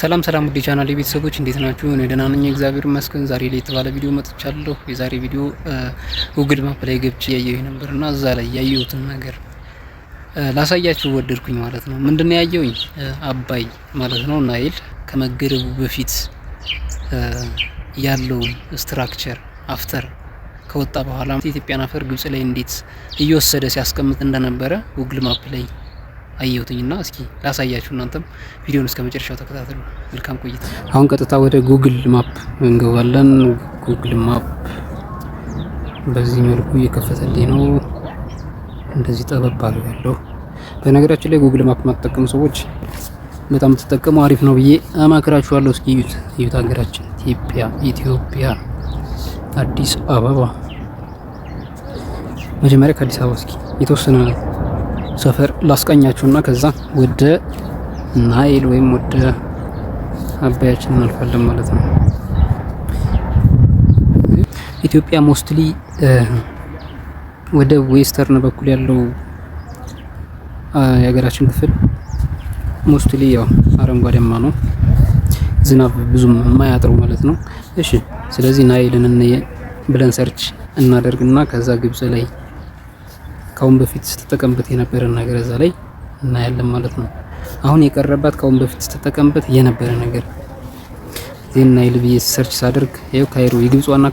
ሰላም ሰላም ውድ ቻናል ቤተሰቦች እንዴት ናችሁ? እኔ ደህና ነኝ፣ እግዚአብሔር ይመስገን። ዛሬ ላይ የተባለ ቪዲዮ መጥቻለሁ። የዛሬ ቪዲዮ ጉግል ማፕ ላይ ገብቼ ያየሁኝ ነበርና እዛ ላይ ያየሁትን ነገር ላሳያችሁ ወደድኩኝ ማለት ነው። ምንድነው ያየሁኝ? አባይ ማለት ነው ናይል ከመገደቡ በፊት ያለውን ስትራክቸር አፍተር ከወጣ በኋላ ኢትዮጵያን አፈር ግብጽ ላይ እንዴት እየወሰደ ሲያስቀምጥ እንደነበረ ጉግል ማፕ ላይ አየሁትኝና እስኪ ላሳያችሁ። እናንተም ቪዲዮን እስከ መጨረሻው ተከታተሉ። መልካም ቆይታ። አሁን ቀጥታ ወደ ጉግል ማፕ እንገባለን። ጉግል ማፕ በዚህ መልኩ እየከፈተልኝ ነው። እንደዚህ ጠበብ አድርጋለሁ። በነገራችን ላይ ጉግል ማፕ የማትጠቀሙ ሰዎች በጣም ተጠቀሙ፣ አሪፍ ነው ብዬ አማክራችኋለሁ። እስኪ እዩት እዩት፣ ሀገራችን ኢትዮጵያ ኢትዮጵያ አዲስ አበባ መጀመሪያ ከአዲስ አበባ እስኪ የተወሰነ ሰፈር ላስቀኛችሁና ከዛ ወደ ናይል ወይም ወደ አባያችን እናልፋለን ማለት ነው። ኢትዮጵያ ሞስትሊ ወደ ዌስተርን በኩል ያለው የሀገራችን ክፍል ሞስትሊ ያው አረንጓዴማ ነው፣ ዝናብ ብዙም የማያጥሩ ማለት ነው። እሺ፣ ስለዚህ ናይልን ብለን ሰርች እናደርግና ከዛ ግብጽ ላይ ከአሁን በፊት ስትጠቀምበት የነበረን ነገር እዛ ላይ እናያለን ማለት ነው። አሁን የቀረባት ከአሁን በፊት ስትጠቀምበት የነበረ ነገር ዜና ናይል ብዬ ሰርች ሳደርግ ይኸው ካይሮ፣ የግብጽ ዋና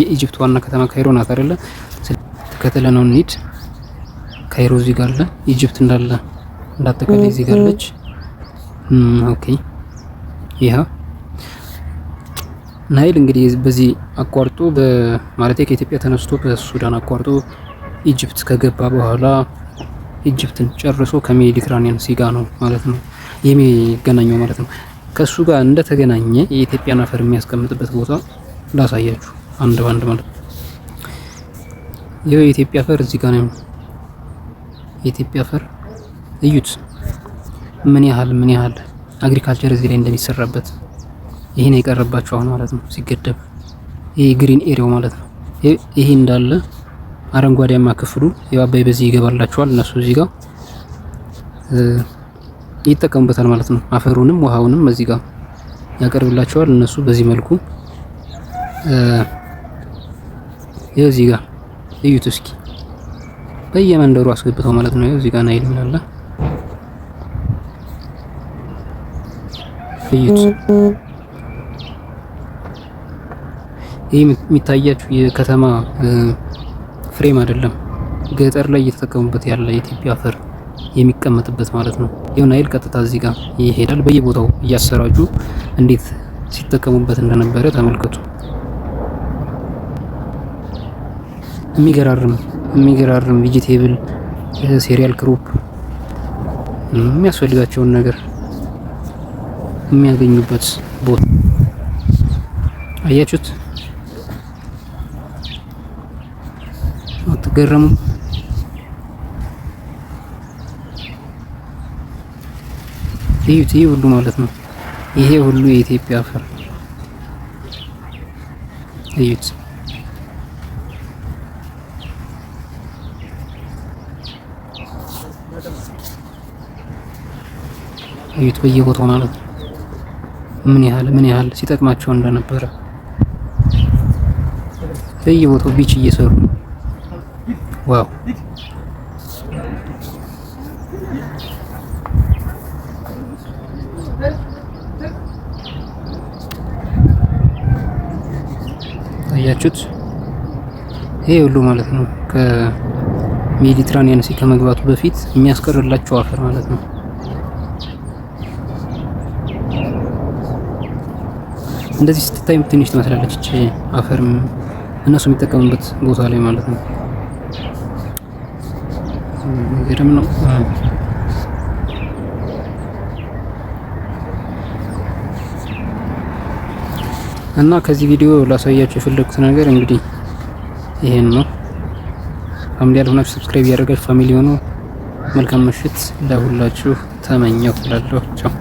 የኢጅፕት ዋና ከተማ ካይሮ ናት አይደለ? ነው እንሂድ። ካይሮ እዚህ ጋር አለ። ኢጅፕት እንዳለ እንዳጠቃላይ እዚህ ጋር አለች። ኦኬ ይሄ ናይል እንግዲህ በዚህ አቋርጦ በማለቴ ከኢትዮጵያ ተነስቶ በሱዳን አቋርጦ ኢጅፕት ከገባ በኋላ ኢጅፕትን ጨርሶ ከሜዲትራኒያን ሲጋ ነው ማለት ነው የሚገናኘው ማለት ነው። ከሱ ጋር እንደተገናኘ የኢትዮጵያን አፈር የሚያስቀምጥበት ቦታ ላሳያችሁ አንድ ባንድ ማለት ነው። የኢትዮጵያ አፈር እዚህ ጋር ነው። የኢትዮጵያ አፈር እዩት፣ ምን ያህል ምን ያህል አግሪካልቸር እዚህ ላይ እንደሚሰራበት ይህን ነው የቀረባቸው አሁን ማለት ነው። ሲገደብ ይሄ ግሪን ኤሪያው ማለት ነው ይሄ እንዳለ አረንጓዴማ ክፍሉ የአባይ በዚህ ይገባላችኋል። እነሱ እዚህ ጋር ይጠቀሙበታል ማለት ነው። አፈሩንም ውሃውንም እዚህ ጋር ያቀርብላቸዋል። እነሱ በዚህ መልኩ እዚህ ጋር እዩት እስኪ በየመንደሩ አስገብተው ማለት ነው። እዚህ ጋር ናይል ምናለ እዩት። ይህ የሚታያችሁ የከተማ ፍሬም አይደለም፣ ገጠር ላይ እየተጠቀሙበት ያለ የኢትዮጵያ አፈር የሚቀመጥበት ማለት ነው። የናይል ቀጥታ እዚህ ጋር ይሄዳል። በየቦታው እያሰራጩ እንዴት ሲጠቀሙበት እንደነበረ ተመልከቱ። የሚገራርም የሚገራርም ቪጂቴብል ሴሪያል ክሮፕ የሚያስፈልጋቸውን ነገር የሚያገኙበት ቦታ አያችሁት። አትገረሙ? እዩት። ይህ ሁሉ ማለት ነው። ይሄ ሁሉ የኢትዮጵያ አፈር እዩት። እዩት በየቦታው ማለት ነው። ምን ያህል ምን ያህል ሲጠቅማቸው እንደነበረ በየቦታው ቢች እየሰሩ ዋው አያችሁት? ይሄ ሁሉ ማለት ነው ከሜዲትራኒያን ሲ ከመግባቱ በፊት የሚያስቀርላቸው አፈር ማለት ነው። እንደዚህ ስትታይም ትንሽ ትመስላለች አፈር እነሱ የሚጠቀሙበት ቦታ ላይ ማለት ነው። የሚገርም ነው። እና ከዚህ ቪዲዮ ላሳያችሁ የፈለኩት ነገር እንግዲህ ይሄን ነው። ፋሚሊ ያልሆናችሁ ሰብስክራይብ ያደረጋችሁ ፋሚሊ ሆኖ መልካም ምሽት ለሁላችሁ ተመኘሁ። ላላችሁ